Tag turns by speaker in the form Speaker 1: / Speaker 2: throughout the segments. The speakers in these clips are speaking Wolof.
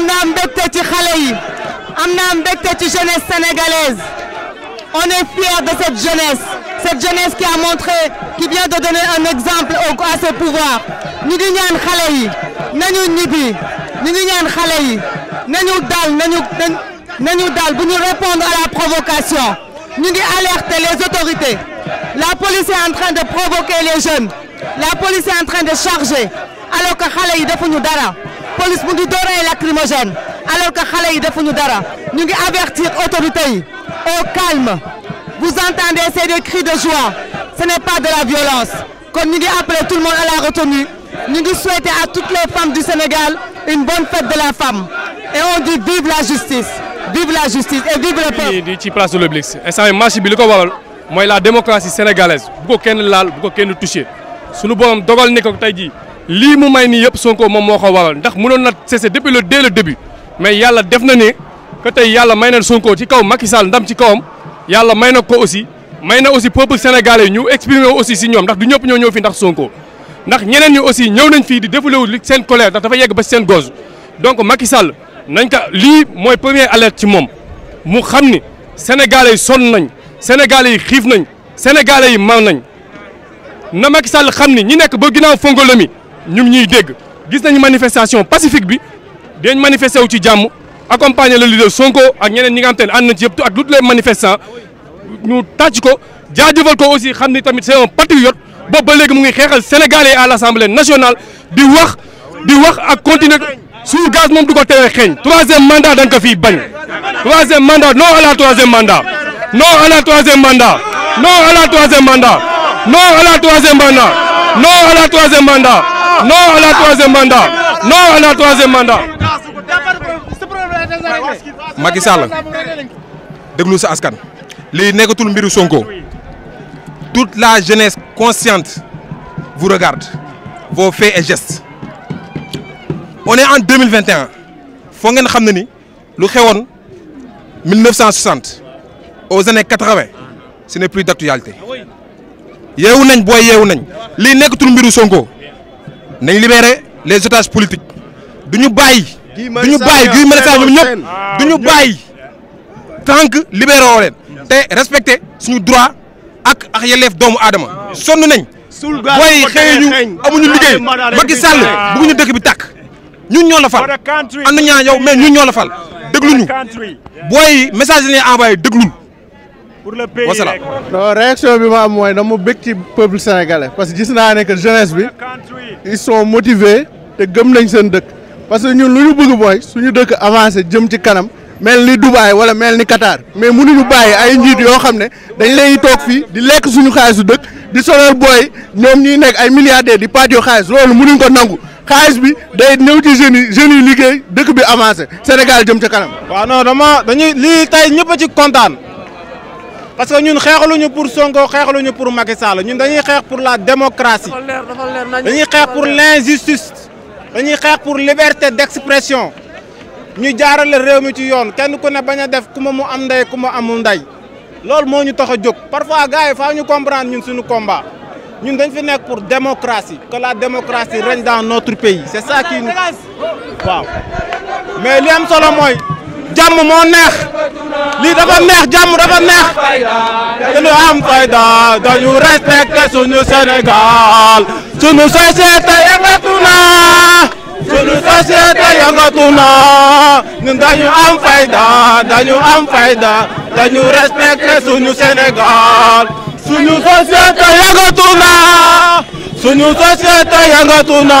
Speaker 1: am naa mbégte ci xale yi am naa mbégte ci jeunesse sénégalaise on est fiers de cette jeunesse cette qui a montré qui vient de donner un exemple au à ce pouvoir ñu ngi ñaan xale yi nañu ñibbi ñu ngi ñaan xale yi dal nañu nañu dal bu ñu répondre à la provocation ñu ngi alerter les autorités la police est en train de provoquer les jeunes la police est en train de charger alors que xale yi defuñu dara. police mu ngi door ay lacrymogène alors que xale yi defuñu dara ñu ngi avertir autorité yi au calme vous entendez c'est des cris de joie ce n'est pas de la violence kon ñu ngi appeler tout le monde à la retenue ñu ngi souhaiter à toutes les femmes du Sénégal une bonne fête de la femme et on dit vive la justice vive la
Speaker 2: justice et vive le peuple. di ci place de l'Obélisque bi li ko waral mooy la démocratie sénégalaise bu ko kenn laal bu ko kenn touché sunu borom dogal ne ko tey jii. lii mu may nii yëpp Sonko moom moo ko waral ndax mënoon na cessé depuis le dès le début mais yàlla def na ne que tey yàlla may na Sonko ci kaw Macky Sall ndam ci kawam yàlla may na ko aussi may na aussi peuple sénégalais ñu exprimer aussi si ñoom ndax du ñëpp ñoo ñëw fi ndax Sonko ndax ñeneen yi aussi ñëw nañ fii di défulé wu seen colère ndax dafa yegg ba seen gauze donc Macky Sall nañ ko lii mooy première alerte ci moom mu xam ni sénégalais yi sonn nañ sénégalais yi xiif nañ sénégalais yi mar nañ na Macky Sall xam ni ñi nekk ba ginnaaw fongolami ñu ngi ñuy dégg gis nañu manifestation pacifique bi dañ manifester wu ci jàmm accompagner le leader Sonko ak ñeneen ñi nga xam te na ci yëpp ak toutes les manifestants ñu tàcc ko jaajëfal ko aussi xam ni tamit c'est un patriote boobu ba léegi mu ngi xeexal sénégalais à l'Assemblée nationale di wax di wax a continuer suñu gaz moom du ko teree xeeñ troisième mandat dañ fi fiy bañ troisième mandat non à la troisième mandat non à la troisième mandat non à la troisième mandat non à la troisième non à la troisième mandat non à Sall sa askan. lii nekkatul mbiru Sonko toute la jeunesse consciente vous regarde vos faits et gestes on est en 2021 foo xam ne ni lu xewoon 1960 aux années 80 ce n'est plus d'actualité yeewu nañ booy yeewu nañ li nekkatul mbiru Sonko. nañ libéré les otages politiques du ñu bàyyi. du ñu bàyyi Guy Marius Sagna ñoom ñëpp du ñu bàyyi tant que libéré woo leen te respecté suñu droit ak ak yelleef doomu aadama sonn nañ. suul gaal booy xëy ñu amuñu liggéey Macky Sall bëgguñu dëkk bi tàkk ñun ñoo la fal ànd ñaa yow mais ñun ñoo la fal dégluñu
Speaker 3: booy message la ñuy envoyé déglul pour le pays rek réaction bi ma am mooy dama bëgg ci peuple sénégalais parce que gis naa ne que jeunesse bi ils sont motivés te
Speaker 1: gëm nañ seen dëkk parce que ñun lu ñu bëgg mooy suñu dëkk avancé jëm ci kanam mel ni Dubaï wala mel ni Qatar mais mënuñu bàyyi ay njiit yoo xam ne dañ lay toog fii di lekk suñu xaalisu dëkk
Speaker 3: di sonal booy ñoom ñuy nekk ay milliardaires di pàccoo xaalis loolu mënuñ ko nangu xaalis bi day ñëw ci jeunes yi yi liggéey dëkk bi avancé Sénégal jëm ca kanam. waaw non dama dañuy lii tey ñëpp ci kontaan. parce que ñun xeexaluñu pour Sonko xeexaluñu pour Macky Sall ñun dañuy xeex pour la démocratie dañuy xeex pour l'injustice dañuy xeex pour liberté d'expression ñu jaarale réew mi ci yoon kenn ku ne bañ a def ku ma mu am ku ma amul ndey loolu moo ñu tax a jóg parfois gars yi faa ñu comprendre ñun suñu combat ñun dañ fi nekk pour démocratie que la démocratie règne dans notre pays c'est a qui waaw mais li am solo mooy jàmm moo neex lii dafa neex jàmm dafa neex dañu am fayda dañu respecté suñu Sénégal suñu société yëngatu na suñu société yëngatu na ñun dañu am fayda dañu am fayda dañu respecté suñu Sénégal suñu société yëngatu na suñu société yëngatu na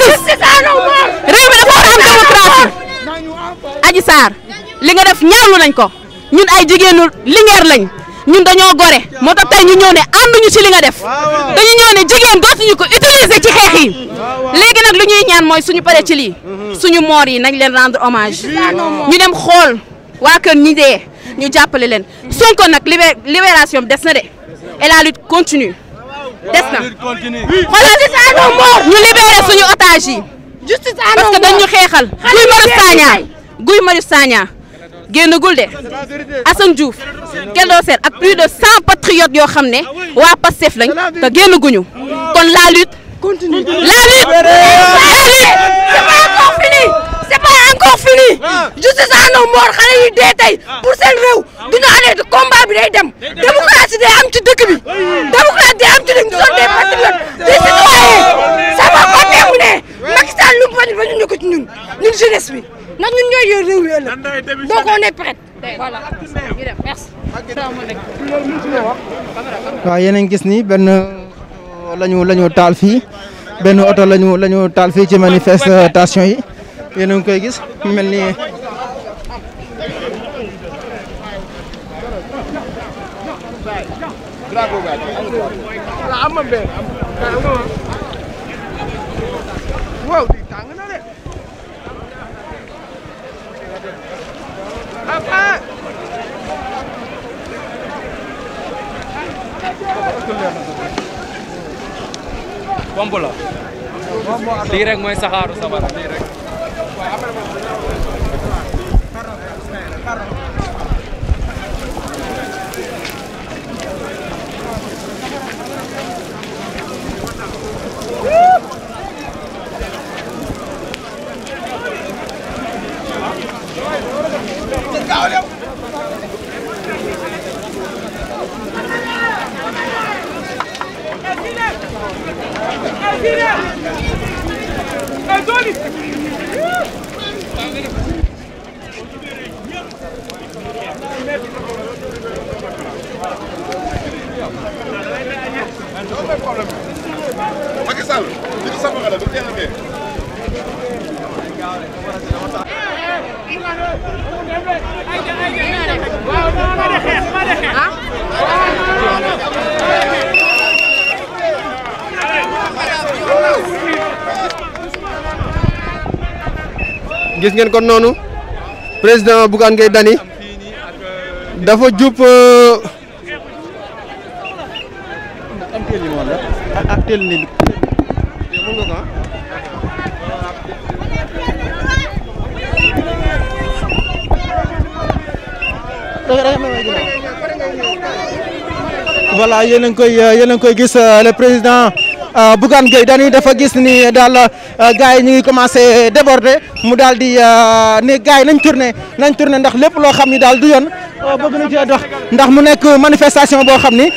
Speaker 2: justice réew mi dafa war a am démocratie Adji Sarr li nga def ñaawlu nañ ko ñun ay jigéenu Linguère lañ ñun dañoo gore moo tax tey ñu ñëw ne ànduñu ci li nga def dañu ñëw ne jigéen dootuñu ko utiliser ci xeex yi léegi nag lu ñuy ñaan mooy suñu paree ci lii suñu moor yi nañ leen rendre hommage ñu dem xool waa kër ñi dee ñu jàppale leen Sonko nag libération des na de et la lutte continue des na xoolal justice à nos dañu xeexal Guy Marius Sagna Guy Marius Sagna génnagul de Assane Diouf Keldo Sène ak plus de cent patriotes yoo xam ne waa Pastef lañ te génnaguñu kon la lutte continue la lutte la lutte encore fini justice à nos morts xale yi dee tey pour seen réew duñu arrêté combat bi day dem démocratie day am ci dëkk bi démocratie ak ñun ñun jeunesse bi ndax ñun
Speaker 1: ñooy yor réew mi ëllëg donc on est prête voilà merci. gis ni benn lañu lañu taal fii benn oto lañu lañu taal fii ci manifestation yi yéen ngi koy gis mel ni.
Speaker 2: pomp la lii rek mooy saxaaru sabara
Speaker 1: gis ngeen kon noonu président Bougane Gueye Dany dafa jub euh, voilà yéen a ngi euh, yéen koy gis euh, le président Euh, Bougane Gueye Dany dafa gis ni daal euh, gars yi ñu ngi commencé déborder mu daal di euh, ne gars yi nañ tourné nañ tourné ndax lépp loo xam ni daal du yoon bëgg na cee dox ndax mu nekk manifestation boo xam ni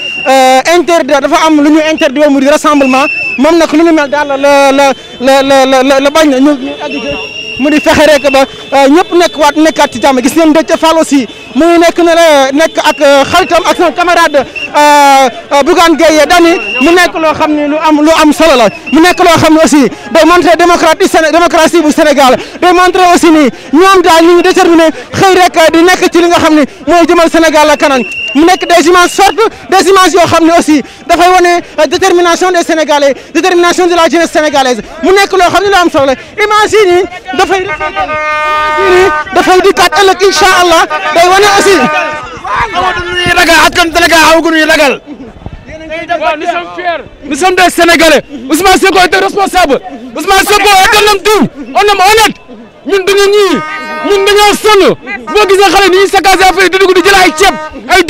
Speaker 1: interdit dafa am lu ñu interdit woon mu di resemblement moom nag lu ñu mel daal la la la la la la bañ na ñu mu di fexe rek ba ñëpp nekk waat nekkaat ci jàmm gis ngeen Déthié Fall si mu ngi nekk eh, nekk ak eh, xaritam ak son camarade eh, Bougane Gueye mu nekk loo xam ne lu am lu am solo la mu nekk loo xam ne aussi day montrer démocratie démocratie bu Sénégal day montrer aussi ni ñoom daal ñu ngi déterminé xëy rek di nekk ci li nga xam ne mooy jëmal Sénégal la mu nekk des images fortes des images yoo xam ne aussi dafay wane détermination des Sénégalais détermination de la jeunesse sénégalaise mu nekk loo xam ne lu am solo la image yi nii dafay dafay dikkaat ëllëg incha allah day wane ñu aussi amatuñu ragal askan Sénégal amaguñu ragal.
Speaker 3: nous sommes fiers.
Speaker 1: nous sommes des Sénégalais Ousmane Sonko était
Speaker 2: responsable Ousmane Sonko est un homme doux un homme honnête ñun duñu ñii ñun dañoo sonn boo gisee xale ni ñuy saccagé affaire di dugg di